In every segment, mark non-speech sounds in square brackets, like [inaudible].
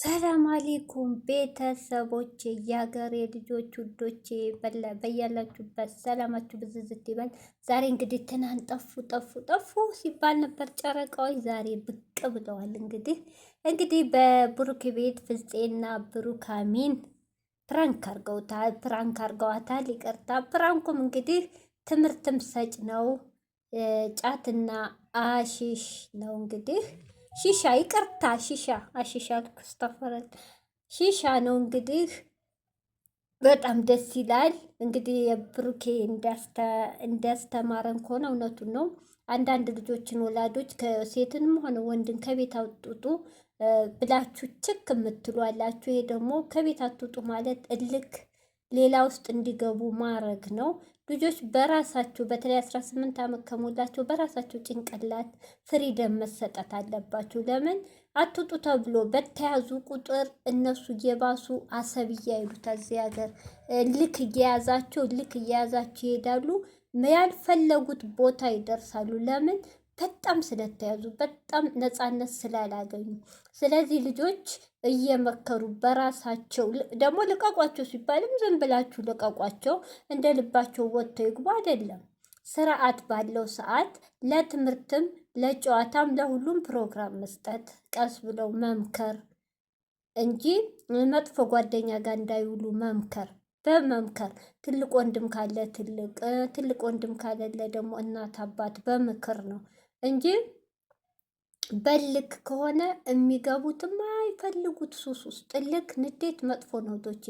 ሰላም አሌይኩም ቤተሰቦቼ፣ የሀገሬ ልጆች ውዶቼ፣ በያላችሁበት ሰላማችሁ ብዝዝት ይበል። ዛሬ እንግዲህ ትናንት ጠፉ ጠፉ ጠፉ ሲባል ነበር ጨረቃዎች፣ ዛሬ ብቅ ብለዋል። እንግዲህ እንግዲህ በብሩክ ቤት ፍፄና ብሩካሚን ፕራንክ አርገውታል፣ ፕራንክ አርገዋታል። ይቅርታ ፕራንኩም እንግዲህ ትምህርትም ሰጭ ነው። ጫትና አሺሽ ነው እንግዲህ ሺሻ ይቅርታ፣ ሺሻ አሺሻ ክስተፈረል ሺሻ ነው እንግዲህ። በጣም ደስ ይላል እንግዲህ የብሩኬ እንዳስተማረን ከሆነ እውነቱን ነው። አንዳንድ ልጆችን ወላጆች ከሴትንም ሆነ ወንድን ከቤት አውጡጡ ብላችሁ ችክ የምትሉ አላችሁ። ይሄ ደግሞ ከቤት አትውጡ ማለት እልክ ሌላ ውስጥ እንዲገቡ ማድረግ ነው። ልጆች በራሳችሁ በተለይ 18 ዓመት ከሞላችሁ በራሳችሁ ጭንቅላት ፍሪደም መሰጠት አለባችሁ። ለምን አትውጡ ተብሎ በተያዙ ቁጥር እነሱ እየባሱ አሰብ እያይሉት እዚህ ሀገር ልክ እየያዛቸው ልክ እየያዛቸው ይሄዳሉ። ያልፈለጉት ቦታ ይደርሳሉ። ለምን በጣም ስለተያዙ በጣም ነፃነት ስላላገኙ፣ ስለዚህ ልጆች እየመከሩ በራሳቸው ደግሞ ልቀቋቸው ሲባልም ዝም ብላችሁ ልቀቋቸው እንደ ልባቸው ወጥቶ ይግቡ አይደለም። ስርዓት ባለው ሰዓት ለትምህርትም ለጨዋታም ለሁሉም ፕሮግራም መስጠት፣ ቀስ ብለው መምከር እንጂ መጥፎ ጓደኛ ጋር እንዳይውሉ መምከር በመምከር ትልቅ ወንድም ካለ ትልቅ ትልቅ ወንድም ካለለ ደግሞ እናት አባት በምክር ነው። እንጂ በልክ ከሆነ የሚገቡት የማይፈልጉት ሱስ ውስጥ ልክ ንዴት መጥፎ ነው። ዶቼ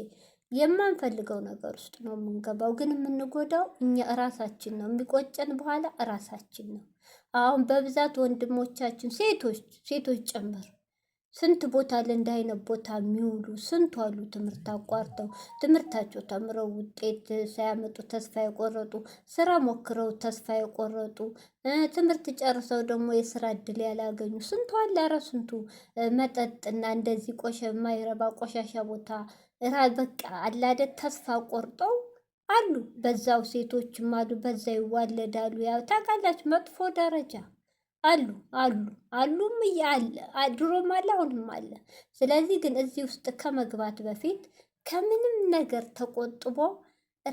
የማንፈልገው ነገር ውስጥ ነው የምንገባው፣ ግን የምንጎዳው እኛ እራሳችን ነው። የሚቆጨን በኋላ እራሳችን ነው። አሁን በብዛት ወንድሞቻችን ሴቶች ሴቶች ጨምር ስንት ቦታ ለእንዲህ አይነት ቦታ የሚውሉ ስንት አሉ። ትምህርት አቋርጠው ትምህርታቸው ተምረው ውጤት ሳያመጡ ተስፋ የቆረጡ ስራ ሞክረው ተስፋ የቆረጡ ትምህርት ጨርሰው ደግሞ የስራ እድል ያላገኙ ስንቱ አለ። ኧረ ስንቱ መጠጥና እንደዚህ ቆሸ የማይረባ ቆሻሻ ቦታ ራ በቃ አላደት ተስፋ ቆርጠው አሉ። በዛው ሴቶችም አሉ። በዛ ይዋለዳሉ። ያው ታውቃላችሁ መጥፎ ደረጃ አሉ አሉ አሉም እያለ ድሮም አለ አሁንም አለ። ስለዚህ ግን እዚህ ውስጥ ከመግባት በፊት ከምንም ነገር ተቆጥቦ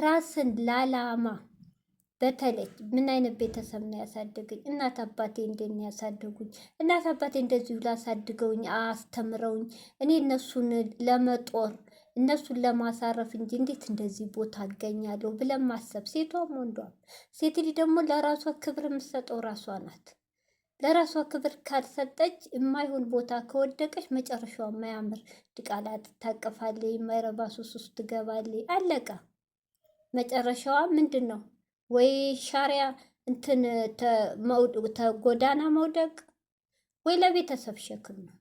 ራስን ላላማ በተለይ ምን አይነት ቤተሰብ ነው ያሳደገኝ? እናት አባቴ እንዴት ነው ያሳደጉኝ? እናት አባቴ እንደዚሁ ላሳድገውኝ አስተምረውኝ፣ እኔ እነሱን ለመጦር እነሱን ለማሳረፍ እንጂ እንዴት እንደዚህ ቦታ አገኛለሁ ብለን ማሰብ ሴቷም ወንዷም። ሴት ደግሞ ለራሷ ክብር የምትሰጠው ራሷ ናት። ለራሷ ክብር ካልሰጠች የማይሆን ቦታ ከወደቀች መጨረሻዋ የማያምር ድቃላ ትታቀፋለች፣ የማይረባ ሱስ ውስጥ ትገባለች። አለቀ። መጨረሻዋ ምንድን ነው? ወይ ሻሪያ እንትን ተጎዳና መውደቅ ወይ ለቤተሰብ ሸክም ነው።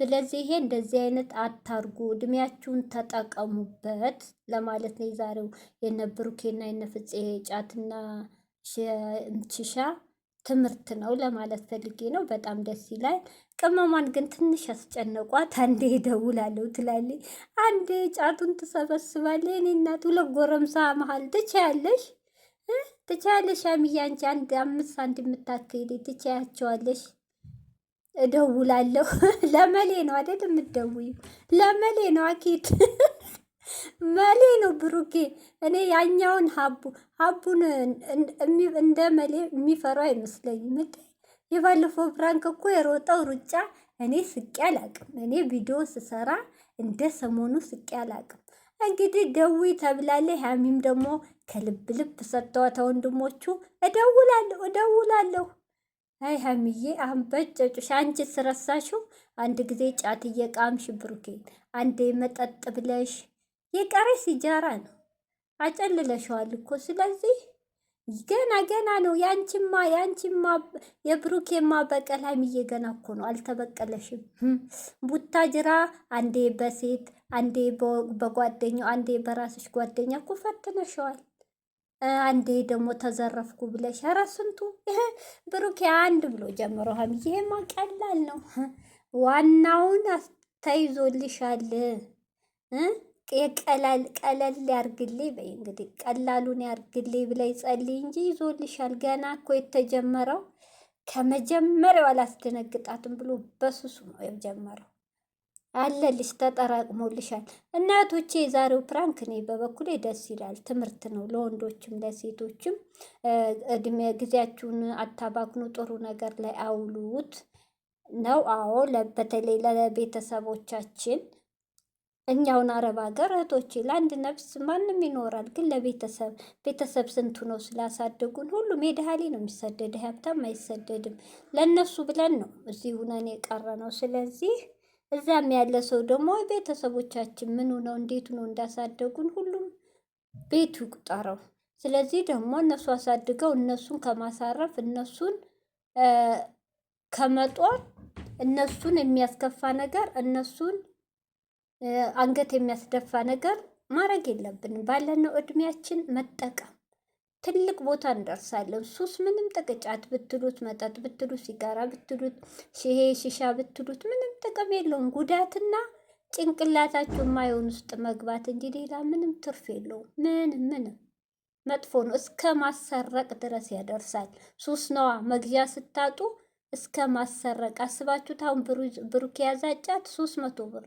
ስለዚህ ይሄ እንደዚህ አይነት አታርጉ፣ እድሜያችሁን ተጠቀሙበት ለማለት ነው የዛሬው የነ ብሩኬና የነ ፍፄ ጫትና ሽሻ ትምህርት ነው ለማለት ፈልጌ ነው። በጣም ደስ ይላል። ቅመሟን ግን ትንሽ ያስጨነቋት። አንዴ እደውላለሁ ትላለች፣ አንዴ ጫቱን ትሰበስባለች። እኔ እናት ሁለት ጎረምሳ መሀል ትቻያለሽ ትቻያለሽ። አሚዬ አንቺ አንድ አምስት አንድ የምታክል ትቻያቸዋለሽ። እደውላለሁ [laughs] ለመሌ ነው አይደል የምትደውይው? ለመሌ ነው አኬት መሌ ነው ብሩኬ። እኔ ያኛውን ሀቡ ሀቡን እንደ መሌ የሚፈራው አይመስለኝም። የባለፈው ፕራንክ እኮ የሮጠው ሩጫ እኔ ስቄ አላቅም። እኔ ቪዲዮ ስሰራ እንደ ሰሞኑ ስቄ አላቅም። እንግዲህ ደዊ ተብላለ። ሀሚም ደግሞ ከልብ ልብ ሰጥተዋት ወንድሞቹ እደውላለሁ እደውላለሁ። አይ ሀሚዬ አሁን በጨጩሽ አንቺ ስረሳሽው። አንድ ጊዜ ጫት እየቃምሽ ብሩኬ፣ አንዴ መጠጥ ብለሽ የቀረ ሲጃራ ነው። አጨልለሸዋል እኮ ስለዚህ ገና ገና ነው ያንቺማ ያንቺማ የብሩኬማ በቀል ሀይሚዬ ገና እኮ ነው አልተበቀለሽም። ቡታጅራ አንዴ በሴት አንዴ በጓደኛው አንዴ በራስሽ ጓደኛ እኮ ፈትነሸዋል። አንዴ ደግሞ ተዘረፍኩ ብለሽ ኧረ ስንቱ ብሩኬ አንድ ብሎ ጀምሮ ሀይሚዬ ይሄማ ቀላል ነው። ዋናውን ተይዞልሻል። ቀለል ቀለል ያርግልኝ በይ እንግዲህ ቀላሉን ያርግልኝ ብለይ ጸልይ እንጂ ይዞልሻል። ገና እኮ የተጀመረው ከመጀመሪያው አላስደነግጣትም ብሎ በሱሱ ነው የጀመረው። አለልሽ ተጠራቅሞልሻል። እናቶቼ የዛሬው ፕራንክ እኔ በበኩሌ ደስ ይላል፣ ትምህርት ነው ለወንዶችም ለሴቶችም። እድሜ ጊዜያችሁን አታባክኑ፣ ጥሩ ነገር ላይ አውሉት ነው። አዎ በተለይ ለቤተሰቦቻችን እኛውን አረብ ሀገር እህቶቼ ለአንድ ነፍስ ማንም ይኖራል፣ ግን ለቤተሰብ ቤተሰብ ስንቱ ነው ስላሳደጉን። ሁሉም የደሃሌ ነው የሚሰደድ ሀብታም አይሰደድም። ለእነሱ ብለን ነው እዚህ ሁነን የቀረ ነው። ስለዚህ እዛም ያለ ሰው ደግሞ ቤተሰቦቻችን ምኑ ነው እንዴት ነው እንዳሳደጉን ሁሉም ቤቱ ይቁጠረው። ስለዚህ ደግሞ እነሱ አሳድገው እነሱን ከማሳረፍ እነሱን ከመጦር እነሱን የሚያስከፋ ነገር እነሱን አንገት የሚያስደፋ ነገር ማድረግ የለብንም። ባለነው እድሜያችን መጠቀም ትልቅ ቦታ እንደርሳለን። ሱስ ምንም ጥቅጫት ብትሉት፣ መጠጥ ብትሉት፣ ሲጋራ ብትሉት፣ ሽሄ ሽሻ ብትሉት ምንም ጥቅም የለውም። ጉዳትና ጭንቅላታችሁ ማይሆን ውስጥ መግባት እንጂ ሌላ ምንም ትርፍ የለውም። ምንም ምንም መጥፎ ነው። እስከ ማሰረቅ ድረስ ያደርሳል። ሱስ ነዋ። መግዣ ስታጡ እስከ ማሰረቅ አስባችሁት። አሁን ብሩክ ያዛጫት ሶስት መቶ ብር